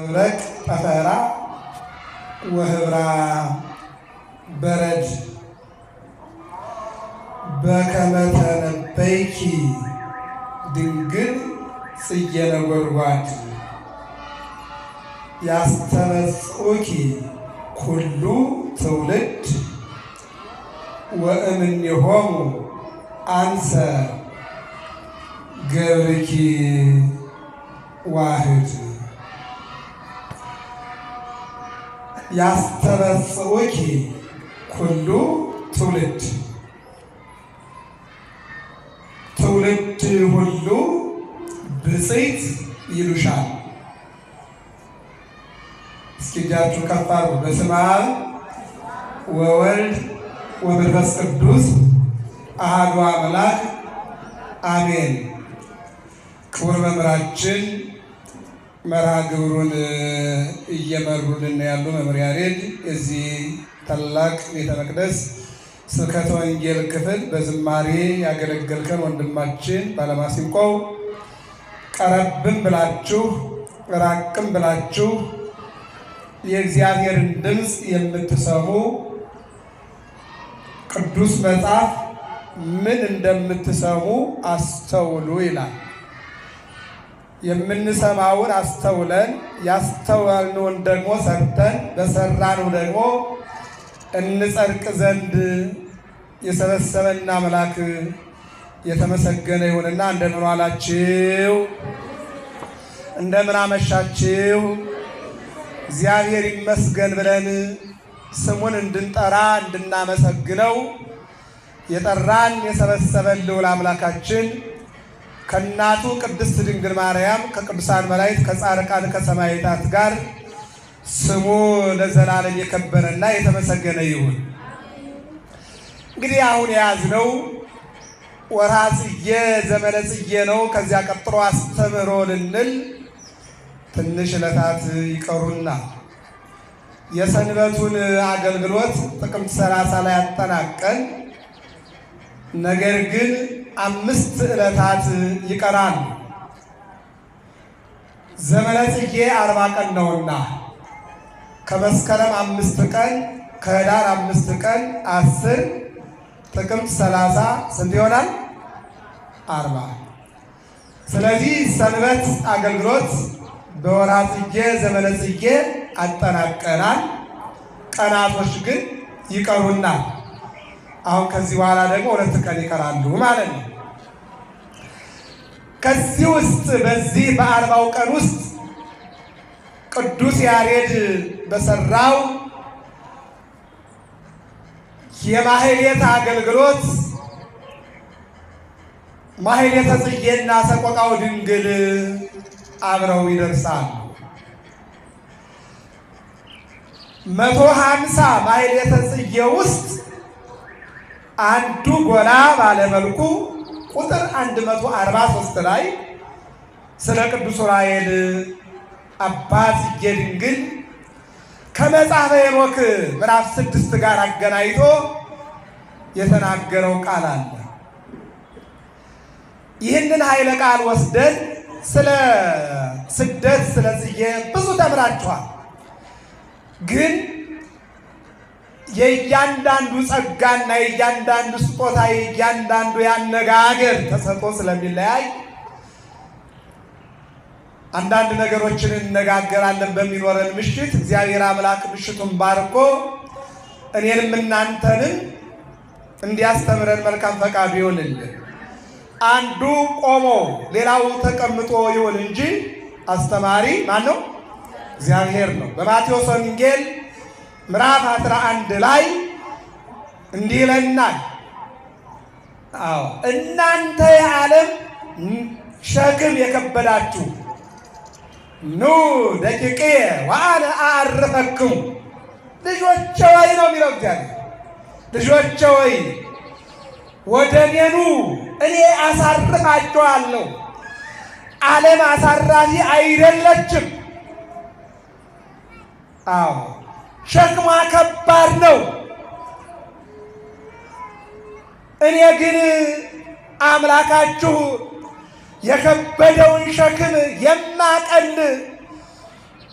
ህብረት ጠፈራ ወህብራ በረድ በከመ ተነበይኪ ድንግል ጽጌ ነጎድጓድ ያስተመጽኡኪ ኩሉ ትውልድ ወእምኔሆሙ አንሰ ገብርኪ ዋህድ ያስተበጽውኪ ኩሉ ትውልድ ትውልድ ሁሉ ብፅዕት ይሉሻል። እስኪ እጃችሁ ከፍ አሉ። በስመ አብ ወወልድ ወመንፈስ ቅዱስ አሐዱ አምላክ አሜን። ክቡር መምህራችን መርሃ ግብሩን እየመሩልን ያሉ መምህር ያሬድ እዚህ ታላቅ ቤተ መቅደስ ስብከተ ወንጌል ክፍል በዝማሬ ያገለገልከን ወንድማችን ባለማሲንቆው ቀረብም ብላችሁ ራቅም ብላችሁ የእግዚአብሔርን ድምፅ የምትሰሙ ቅዱስ መጽሐፍ ምን እንደምትሰሙ አስተውሉ ይላል። የምንሰማውን አስተውለን ያስተዋልነውን ደግሞ ሰርተን በሰራነው ደግሞ እንጸድቅ ዘንድ የሰበሰበና አምላክ የተመሰገነ ይሁንና እንደምን ዋላችሁ? እንደምን አመሻችሁ? እግዚአብሔር ይመስገን ብለን ስሙን እንድንጠራ እንድናመሰግነው የጠራን የሰበሰበን ልዑል አምላካችን ከእናቱ ቅድስት ድንግል ማርያም ከቅዱሳን መላእክት ከጻድቃን ከሰማዕታት ጋር ስሙ ለዘላለም የከበረና የተመሰገነ ይሁን። እንግዲህ አሁን የያዝነው ወርሃ ጽጌ ዘመነ ጽጌ ነው። ከዚያ ቀጥሎ አስተምህሮ ልንል ትንሽ ዕለታት ይቀሩና የሰንበቱን አገልግሎት ጥቅምት ሰላሳ ላይ አጠናቀን ነገር ግን አምስት ዕለታት ይቀራል። ዘመነ ጽጌ አርባ ቀን ነውና ከመስከረም አምስት ቀን ከህዳር አምስት ቀን አስር ጥቅምት ሰላሳ ስንት ይሆናል? አርባ ስለዚህ ሰንበት አገልግሎት በወርሃ ጽጌ ዘመነ ጽጌ አጠናቀናል። ቀናቶች ግን ይቀሩናል። አሁን ከዚህ በኋላ ደግሞ ሁለት ቀን ይቀራሉ ማለት ነው። ከዚህ ውስጥ በዚህ በአርባው ቀን ውስጥ ቅዱስ ያሬድ በሰራው የማህሌት አገልግሎት ማህሌተ ጽጌና ሰቆቃው ድንግል አብረው ይደርሳል። መቶ ሀምሳ ማህሌተ ጽጌ ውስጥ አንዱ ጎላ ባለመልኩ ቁጥር 143 ላይ ስለ ቅዱስ አባ አባት ድንግል ከመጽሐፈ ሄኖክ ምዕራፍ ስድስት ጋር አገናኝቶ የተናገረው ቃል አለ። ይህንን ኃይለ ቃል ወስደን ስለ ስደት ስለ ጽጌ ብዙ ተምራችኋል ግን የእያንዳንዱ ጸጋና የእያንዳንዱ ስጦታ የእያንዳንዱ ያነጋገር ተሰጦ ስለሚለያይ አንዳንድ ነገሮችን እንነጋገራለን በሚኖረን ምሽት እግዚአብሔር አምላክ ምሽቱን ባርኮ እኔንም እናንተንም እንዲያስተምረን መልካም ፈቃዱ ይሆንልን። አንዱ ቆሞ ሌላው ተቀምጦ ይሁን እንጂ አስተማሪ ማን ነው? እግዚአብሔር ነው። በማቴዎስ ወንጌል ምዕራፍ 11 ላይ እንዲህ ይለናል። አዎ እናንተ የዓለም ሸክም የከበዳችሁ ኑ ደቂቄ ወአነ አዕርፈክሙ ልጆቼ ወይ ነው የሚለው እግዚአብሔር። ልጆቼ ወይ ወደ እኔ ኑ፣ እኔ አሳርፋችኋለሁ። ዓለም አሳራፊ አይደለችም። አዎ ሸክሟ ከባድ ነው። እኔ ግን አምላካችሁ የከበደውን ሸክም የማቀል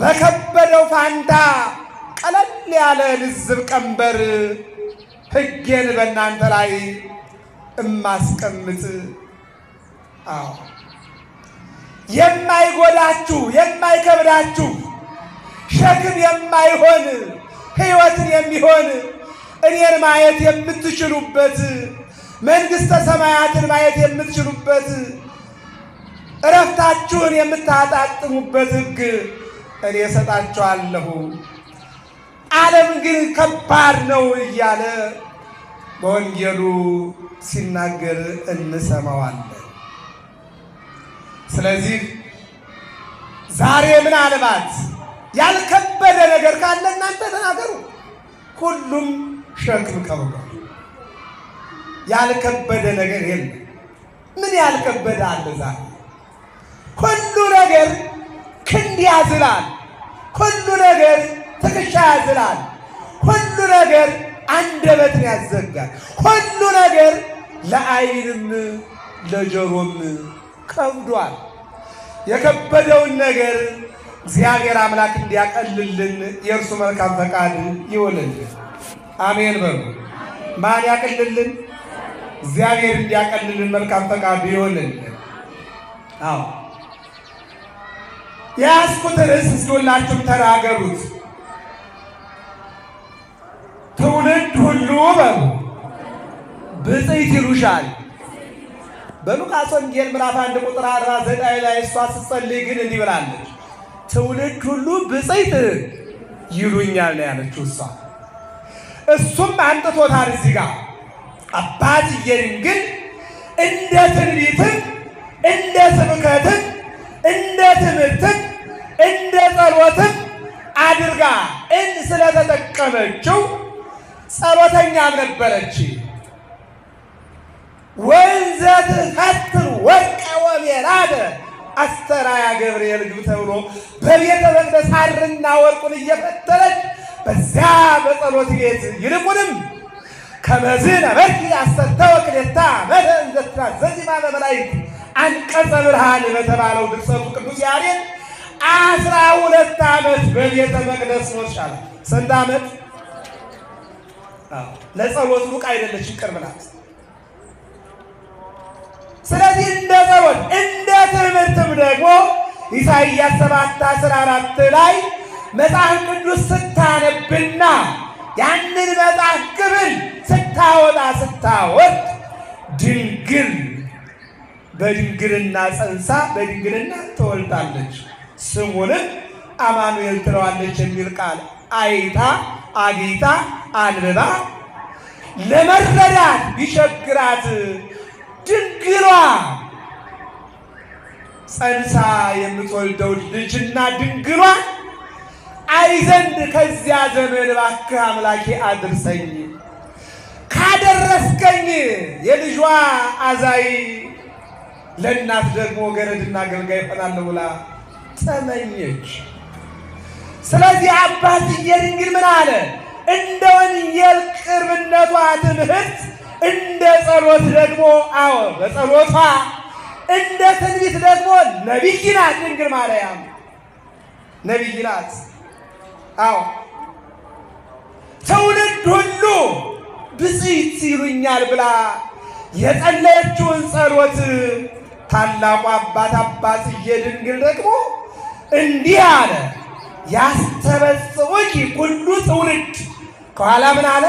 በከበደው ፋንታ ቀለል ያለ ልዝብ ቀንበር ሕጌን በእናንተ ላይ እማስቀምጥ። አዎ የማይጎዳችሁ የማይከብዳችሁ ሸክም የማይሆን ሕይወትን የሚሆን እኔን ማየት የምትችሉበት መንግሥተ ሰማያትን ማየት የምትችሉበት እረፍታችሁን የምታጣጥሙበት ሕግ እኔ እሰጣችኋለሁ። ዓለም ግን ከባድ ነው እያለ በወንጌሉ ሲናገር እንሰማዋለን። ስለዚህ ዛሬ ምናልባት ያልከበደ ነገር ካለ እናንተ ተናገሩ። ሁሉም ሸክም ከብዷል። ያልከበደ ነገር የለም። ምን ያልከበደ አለ ዛሬ? ሁሉ ነገር ክንድ ያዝላል። ሁሉ ነገር ትከሻ ያዝላል። ሁሉ ነገር አንደበትን ያዘጋል። ሁሉ ነገር ለአይንም ለጆሮም ከብዷል። የከበደውን ነገር እግዚአብሔር አምላክ እንዲያቀልልን የእርሱ መልካም ፈቃድ ይሆንልን። አሜን በሉ። ማን ያቀልልን? እግዚአብሔር እንዲያቀልልን መልካም ፈቃድ ይሆንልን። አዎ የያዝኩት ርዕስ እስኪ ተናገሩት። ትውልድ ሁሉ በሉ ብፅዕት ይሉሻል። በሉቃስ ወንጌል ምዕራፍ አንድ ቁጥር አርባ ዘጠኝ ላይ እሷ ስትጸልይ ግን እንዲህ ብላለች ትውልድ ሁሉ ብፅዕት ይሉኛል ነው ያለችው እሷ። እሱም አንጥቶታል እዚህ ጋር አባትዬን ግን እንደ ትንቢትን እንደ ስብከትም እንደ ትምህርትም እንደ ጸሎትም አድርጋ እን ስለተጠቀመችው ጸሎተኛ ነበረች። ወንዘት ከት አስተራያ ገብርኤል ግብ ተብሎ በቤተ መቅደስ ሐርና ወርቁን እየፈተለች በዚያ በጸሎት ቤት ይልቁንም ከመዝ ነበርኪ አሰርተ ወክሌታ መደ እንዘትናዘዝ ማመ መላእክት አንቀጸ ብርሃን በተባለው ድርሰቱ ቅዱስ ያሬድ አስራ ሁለት ዓመት በቤተ መቅደስ ኖርሻል። ስንት ዓመት? ለጸሎት ሩቅ አይደለች፣ ይቅርብላት ስለዚህ እንደ ጸሎት እንደ ትምህርትም ደግሞ ኢሳይያስ ሰባት አስራ አራት ላይ መጽሐፍ ቅዱስ ስታነብና ያንን መጽሐፍ ክፍል ስታወጣ ስታወጥ ድንግል በድንግልና ጸንሳ በድንግልና ትወልዳለች ስሙንም አማኑኤል ትለዋለች የሚል ቃል አይታ አግኝታ አንብባ ለመረዳት ቢቸግራት ድንግሏ ጸንሳ የምትወልደው ልጅና ድንግሏ አይ ዘንድ ከዚያ ዘመን እባክህ አምላኬ አድርሰኝ። ካደረስከኝ የልጇ አዛይ ለእናት ደግሞ ገረድና አገልጋይ እሆናለሁ ብላ ተመኘች። ስለዚህ አባት የድንግል ምን አለ? እንደ ወንጌል ቅርብነቷ ትምህርት እንደ ጸሎት ደግሞ አዎ በጸሎቷ እንደ ትንቢት ደግሞ ነቢይ ናት ድንግል ማርያም ነቢይ ናት። አዎ ትውልድ ሁሉ ብፅዕት ይሉኛል ብላ የጸለየችውን ጸሎት ታላቁ አባት አባ ድንግል ደግሞ እንዲህ አለ፣ ያስተበጽዑኪ ኩሉ ትውልድ። ከኋላ ምን አለ?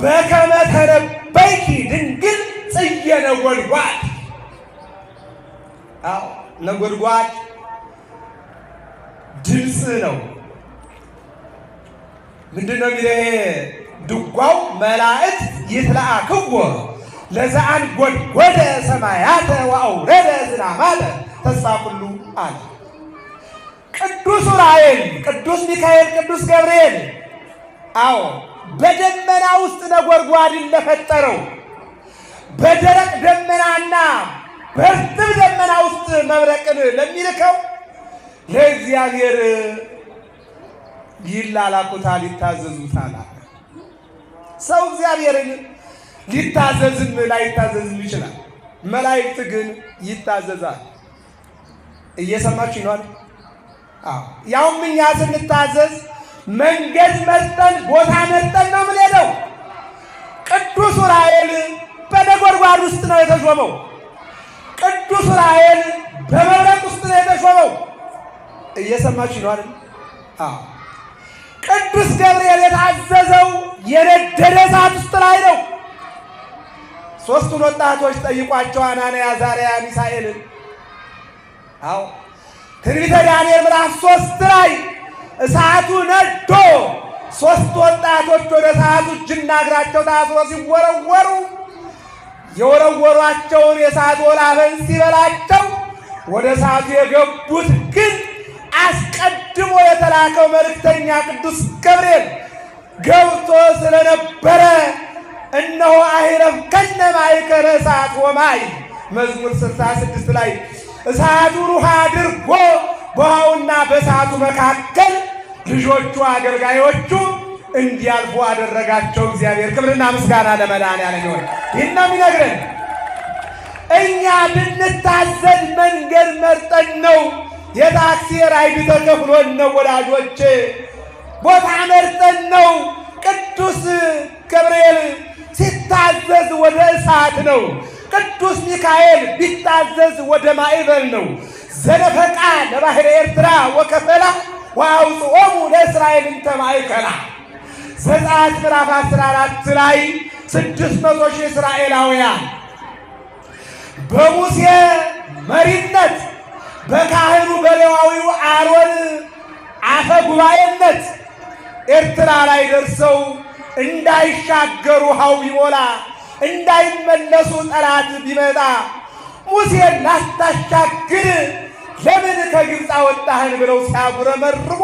በከመ ተነበይኪ ድንግል ጽየ ነጎድጓድ። አዎ ነጎድጓድ ድምፅ ነው። ምንድን ነው የሚለው ድጓው? መላእክት ይትለአክዎ ለዘአን ጎድጎደ ሰማያተ ወአውረደ ዝናማተ ተስፋ ኩሉ አለ። ቅዱስ ዑራኤል፣ ቅዱስ ሚካኤል፣ ቅዱስ ገብርኤል አዎ በደመና ውስጥ ነጎድጓድን ለፈጠረው በደረቅ ደመናና በእርጥብ ደመና ውስጥ መብረቅን ለሚልከው ለእግዚአብሔር ይላላኩታል፣ ይታዘዙታል። ሰው እግዚአብሔርን ሊታዘዝም ላይታዘዝም ይችላል። መላእክት ግን ይታዘዛል። እየሰማችሁ ይሆናል። አዎ ያውም እኛ ስንታዘዝ መንገድ መርጠን ቦታ መርጠን ነው የምንሄደው። ቅዱስ ዑራኤል በነጎድጓድ ውስጥ ነው የተሾመው። ቅዱስ ዑራኤል በመብረቅ ውስጥ ነው የተሾመው። እየሰማችሁ ነው አይደል? አዎ። ቅዱስ ገብርኤል የታዘዘው የነደደ እሳት ውስጥ ላይ ነው። ሦስቱን ወጣቶች ጠይቋቸው አናንያ፣ አዛርያ፣ ሚሳኤልን። አዎ ትንቢተ ዳንኤል ምዕራፍ ሦስት ላይ እሳቱ ነዶ ሶስት ወጣቶች ወደ እሳቱ እጅና እግራቸው ታስሮ ሲወረወሩ የወረወሯቸውን የእሳት ወላፈን ሲበላቸው ወደ እሳቱ የገቡት ግን አስቀድሞ የተላከው መልእክተኛ ቅዱስ ገብርኤል ገብቶ ስለነበረ እነሆ አይረብከነ ከረ እሳት ወማይ መዝሙር 66 ላይ እሳቱን ውሃ አድርጎ በውሃውና በእሳቱ መካከል ልጆቹ አገልጋዮቹ እንዲያልፉ አደረጋቸው። እግዚአብሔር ክብርና ምስጋና ለመድኃኒዓለም ይሁን። ይህን ነው የሚነግረን። እኛ ብንታዘዝ መንገድ መርጠን ነው የታክሲ ራይድ ተከፍሎን ነው ወዳጆቼ፣ ቦታ መርጠን ነው። ቅዱስ ገብርኤል ሲታዘዝ ወደ እሳት ነው። ቅዱስ ሚካኤል ቢታዘዝ ወደ ማዕበል ነው። ዘለፈቃ ለባሕረ ኤርትራ ወከፈላ ወአውፅኦሙ ለእስራኤል እንተ ማእከላ ዘጸአት ምዕራፍ 14 ላይ ስድስት መቶ ሺህ እስራኤላውያን በሙሴ መሪነት በካህኑ በሌዋዊው አሮን አፈ ጉባኤነት ኤርትራ ላይ ደርሰው እንዳይሻገሩ ውሃው ቢሞላ እንዳይመለሱ ጠላት ቢመጣ ሙሴን ላስታሻግር ለምን ከግብፅ አወጣህን ብለው ሲያጉረመርሙ